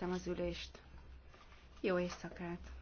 Berekeztem az ülést. Jó éjszakát!